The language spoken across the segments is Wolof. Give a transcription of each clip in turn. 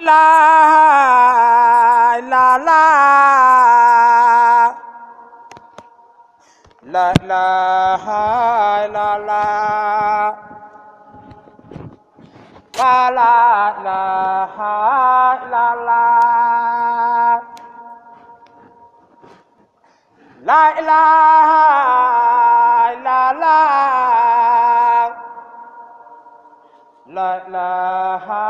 la la la la la la la la la la la la La ilaha illallah La ilaha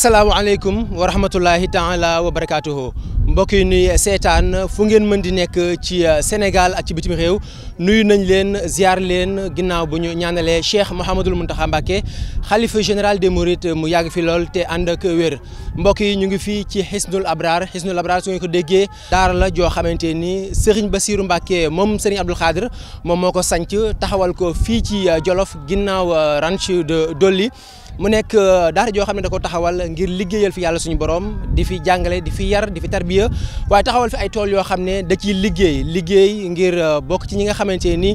asalaamaaleykum wa rahmatulahi taala wa barakaatuhu mbokk yi nuy seetaan fu ngeen mën di nekk ci uh, Sénégal ak ci bitim réew nuyu nañ leen ziar leen ginnaaw bu ñu ñaanalee Cheikh Mouhamadul Mountakha Mbacké xalifa général de Mourides mu yàgg fi lool te ànd ak wér mbokk yi ñu ngi fii ci Hisnul Abrar Hisnul Abrar su ngeen ko déggee daara joo xamante ni Serigne Bassirou Mbacké moom Serigne Abdoul Khadr moom moo ko sanc taxawal ko fii ci uh, Jolof ginnaaw uh, ranch de Dolly mu nekk euh, daara joo xam ne da taxawal ngir liggéeyal fi yàlla suñu borom di fi jàngale di fi yar di fi tarbiya waaye taxawal fi ay tool yoo xam ne da ciy liggéey liggéey ngir euh, bokk ci ñi nga xamante ni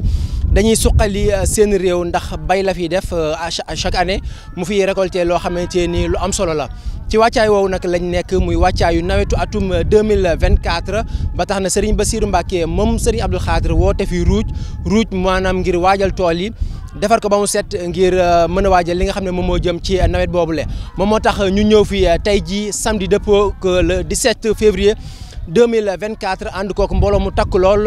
dañuy suqali euh, seen réew ndax bay la fi def chaque année mu fi récolter loo xamante ni lu am solo la. ci wàccaay woowu nag lañ nekk muy wàccaayu nawetu atum 2024 ba tax na Serigne Bassirou Mbacké moom Serigne Abdou woo te fi ruuj ruuj maanaam ngir waajal tool yi. defar ko ba mu set ngir euh, mën a waajal li nga xam ne moom moo jëm ci nawet boobu le moom moo tax ñu ñëw fi euh, tey jii samedi dëppoo euh, le mille vingt 2024 ànd kook mbooloo mu takk lool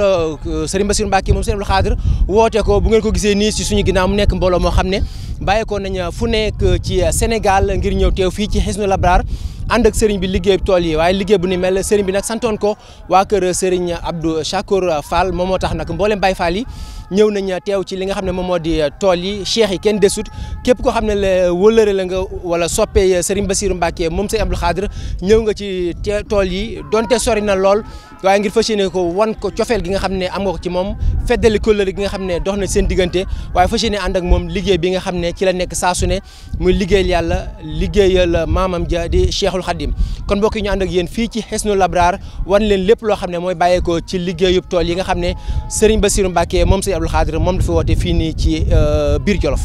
Serigne Bassirou Mbacké moom Serigne Abdou Khadre woote ko bu ngeen ko gisee nii si suñu ginnaaw mu nekk mbooloo moo xam ne bàyyeekoo nañ fu nekk ci Sénégal ngir ñëw teew fii ci Hizbul Abrahar ànd ak sëriñ bi liggéey tool yi waaye liggéey bu ni mel sëriñ bi nag santoon ko waa kër sëriñ Abdou Chakour Fall moom moo tax nag mboolem mbay faal yi ñëw nañ teew ci li nga xam ne moom moo di tool yi cheikh yi kenn desut képp koo xam ne la wëlëre la nga wala soppee sëriñ Bassirou Mbacké moom sëriñ Abdou Khadre ñëw nga ci tool yi donte sori na lool waaye ngir fas yéene wan ko cofeel gi nga xam ne am ci moom feddali kóllëre gi nga xam ne dox na seen diggante waaye fas yéene ànd ak moom liggéey bi nga xam ne ci la nekk saa su ne muy liggéeyal yàlla la maamam ja di cheikh Cheikhul Khadim kon mbokk yi ñu ànd ak yéen fii ci Hisnul Labrar wan lépp loo xam ne mooy bàyyeekoo ci liggéeyub tool yi nga xam ne Serigne Bassirou Mbacké moom Serigne Abdou Khadre moom dafa woote fii nii ci euh, biir Jolof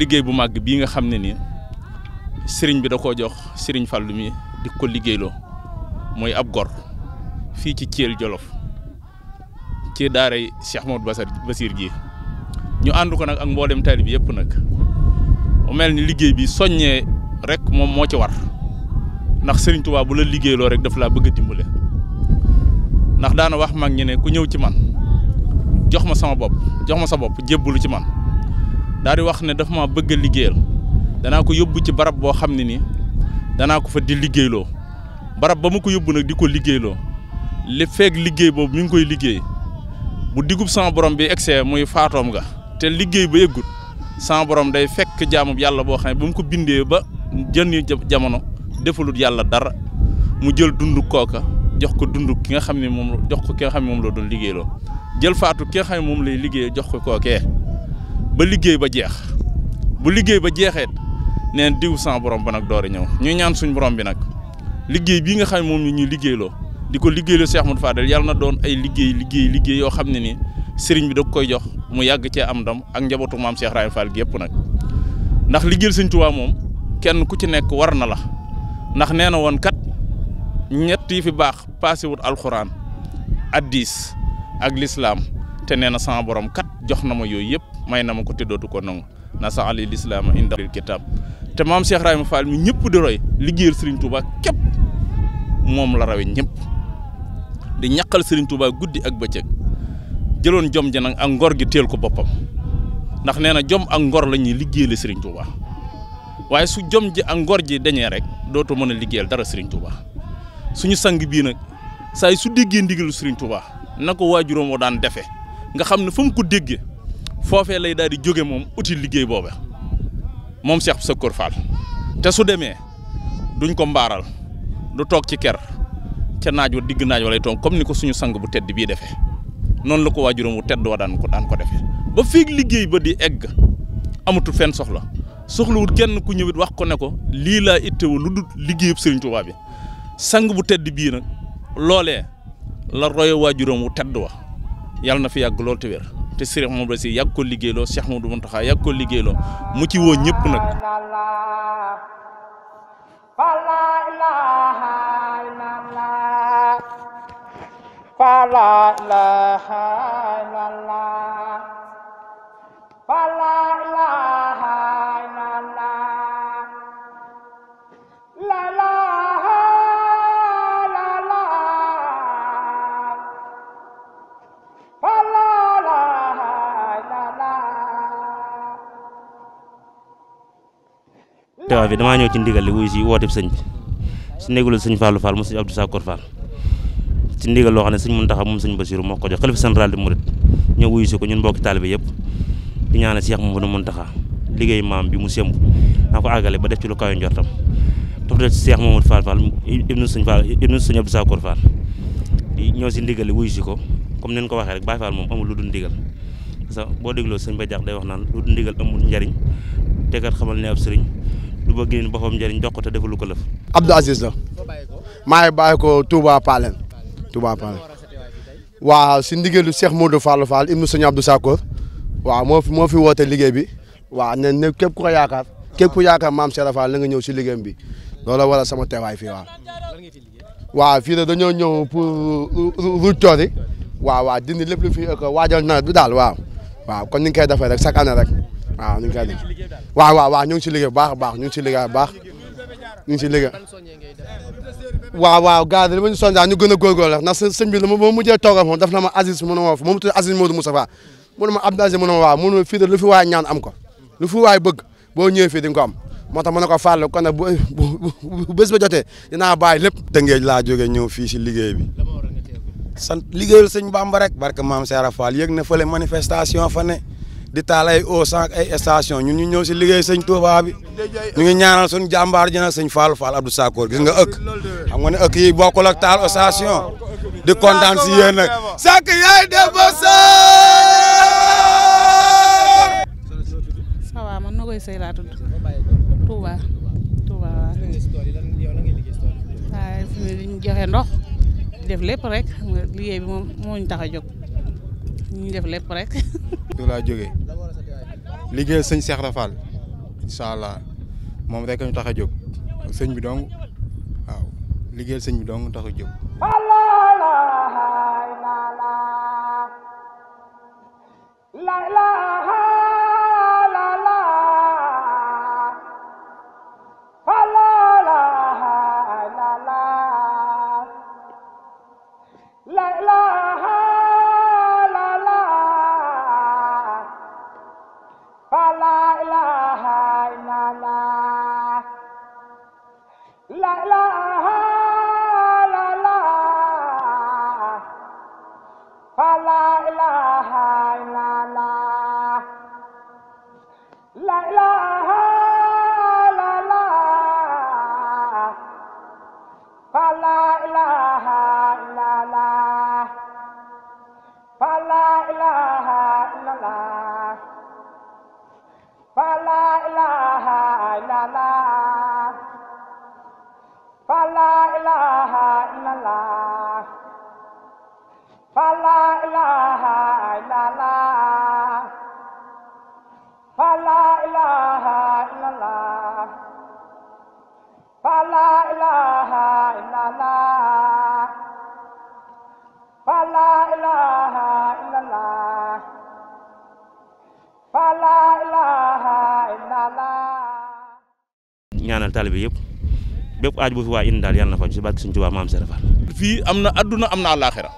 liggéey bu màgg bii nga xam ne ni sëriñ bi da koo jox sëriñ Fallou mi di ko liggéeyloo mooy ab gor fii ci Thiel Jolof ci daaray Cheikh Mamadou Basar basiir ji ñu ànd ko nag ak mboolem bi yépp nag mu mel ni liggéey bi soññee rek moom moo ci war ndax Serigne Touba bu la liggéeyloo rek daf laa bëgg a ndax daana wax mag ñi ne ku ñëw ci man jox ma sama bopp jox ma sa bopp jébbalu ci man daal di wax ne daf ma bëgg a liggéeyal danaa ko yóbbu ci barab boo xam ne ni danaa ko fa di liggéeyloo barab ba ma ko yóbbu nag di ko liggéeyloo li feeg liggéey boobu mi ngi koy liggéey bu digub sama borom bi egsee muy faatoom ga te liggéey ba yëggut sama borom day fekk jaamub yàlla boo xam ne ba mu ko bindee ba jën jënni jamono defalut yàlla dara mu jël dund kooka jox ko dund ki nga xam ne moom jox ko ki nga xam ne moom la doon liggéeyloo jël faatu ki nga xam ne moom lay liggéey jox ko kee ba liggéey ba jeex bu liggéey ba jeexee neen diw sans borom ba nag door a ñëw ñuy ñaan suñ borom bi nag liggéey bii nga xam ne moom ñu ñuy liggéeyloo di ko liggéeyloo Cheikh Ahmadou Fadel yàlla na doon ay liggéey liggéey yoo xam ne ni sëriñ bi da koy jox mu yàgg cee am ndam ak njabootu maam Cheikh Fall gi yëpp nag ndax liggéeyal sëñ Tuubaa moom kenn ku ci nekk war na la ndax nee na woon kat ñetti yi fi baax passé wut alxuraan addis ak lislaam te nee na sama borom kat jox na ma yooyu yëpp may na ma ko te dootu ko nangu na sax ali lislaam indal kitab te maam Cheikh ma Fall mi ñëpp di roy liggéeyal Serigne Touba képp moom la rawe ñëpp di ñaqal Serigne Touba guddi ak bëccëg jëloon jom ja nag ak ngor gi teel ko boppam ndax nee na jom ak ngor lañuy ñuy liggéeyale Serigne Touba waaye su jom ji ak ngor ji dañee rek dootoo mën a liggéeyal dara Serigne Touba suñu sang bii nag saay su déggee ndigalu Serigne Touba na ko waajuram woo daan defee nga xam ne fa mu ko déggee foofee lay daal di jóge moom uti liggéey booba moom Cheikh Sakor Fall te su demee duñ ko mbaaral du toog ci ker ca naaj wa digg naaj wa lay toog comme ni ko suñu sang bu tedd bii defee noonu la ko waajuram wu tedd wa daan ko daan ko defee ba fiig liggéey ba di egg amatul fenn soxla soxlawul kenn ku ñëwit wax ko ne ko lii laa ittewu lu dul liggéeyub Serigne Touba bi sang bu tedd bii nag loole la roye waajuram wu tedd wa yàlla na fi yàgg lool te wér te Serigne Mouhamadou Bachir yàgg ko liggéeyloo Cheikh Mouhamadou Mountakha yàgg ko liggéeyloo mu ci woo ñëpp nag. la teewaay bi damaa ñëw ci ndigal li wuyu si woote sëñ bi si néegul sëñ Fallou Fall mu sëñ Abdou Sakor Fall ci loo xam ne sëñ Mountakha moom sëñ Bassirou moo ko jox xalifa central di Mouride ñëw wuyu si ko ñun mbokki taalibe yëpp di ñaanal Cheikh Mouhamadou Mountakha liggéey maam bi mu sëmb naa ko àggale ba def ci lu kawe njortam topp ci Cheikh Mouhamadou Fall Fall ibnu sëñ Fall ibnu sëñ Abdou Sakor Fall di ñëw si ndigal li wuyu si ko comme ni ñu ko waxee rek Baye Fall moom amul lu dul ndigal parce que boo dégloo sëñ Ba Diakh day wax naan lu dul ndigal amul njariñ te kat xamal ne ab du bëggee ni boppam njëriñ jox ko te defalu ko lëf. Abdou Aziz la maa ngi bàyyi ko Touba Palen Touba Palen waaw si ndigalu Cheikh Modou Fallou Fall ibnu Sëñ Abdou Sakkoor waaw moo moo fi woote liggéey bi waaw ne ne ku ko yaakaar képp ku yaakaar maam Cheikh Fall la nga ñëw si liggéeyam bi loola wala sama teewaay fii waaw. waaw fii de dañoo ñëw pour route tool yi waaw lépp lu fi waajal nawet bi daal kon ni nga koy defee rek chaque année waaw ñu ngi koy waaw waaw waaw ñu liggéey bu baax a baax ñu ngi si liggéey bu baax ñu ngi si liggéey waaw waaw gars yi li ma ñu sondaa ñu gën a góorgóorlu ndax daf na ma Aziz mu ne ma moom tudd Aziz Modou Moustapha mu ne ma Abdou Aziz mu ne ma waaw mu ne fii de lu fi waay ñaan am ko lu fi waay bëgg boo ñëwee fii di nga ko am moo tax ma ne ko fàllu kon nag bu bés ba jotee dinaa bàyyi lépp tëngeej laa jógee ñëw fii si liggéey bi sant liggéeyal sëñ Bamba rek barke maam Seera Fall yëg na fële manifestation fa di taal ay osan ak ay station ñu ñu ñëw si liggéey sëñ Touba bi ñu ngi ñaanal suñu jàmbaar ji nag sëñ Fallou Fall Abdou Sakor gis nga ëkk xam nga ne ëkk yi bokkul ak taal station di kontaan si yéen nag sàkk yaay def ba ça man noo koy sëy laa tudd Touba Touba waaw joxe ndox def lépp rek liggéey bi moom moo ñu tax a jóg ñu def lépp rek. laa jógee. liggéeyal sëñ Cheikh Rafal incha allah moom rek ñu tax a jóg sëñ bi dong waaw liggéeyal sëñ bi dong tax a jóg. la la ñaanal taalibe yëpp bépp aaj bu fi waa indi daal yàlla na faju si barke Sëriñ Tuubaa maam Sëriñ Fall fii am na adduna am na àllaaxira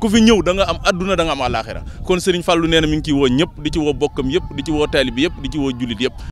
ku fi ñëw da nga am adduna da nga am àllaaxira kon Serigne Fallou nee na mi ngi ciy woo ñëpp di ci woo bokkam yëpp di ci woo taalibe yëpp di ci woo jullit yëpp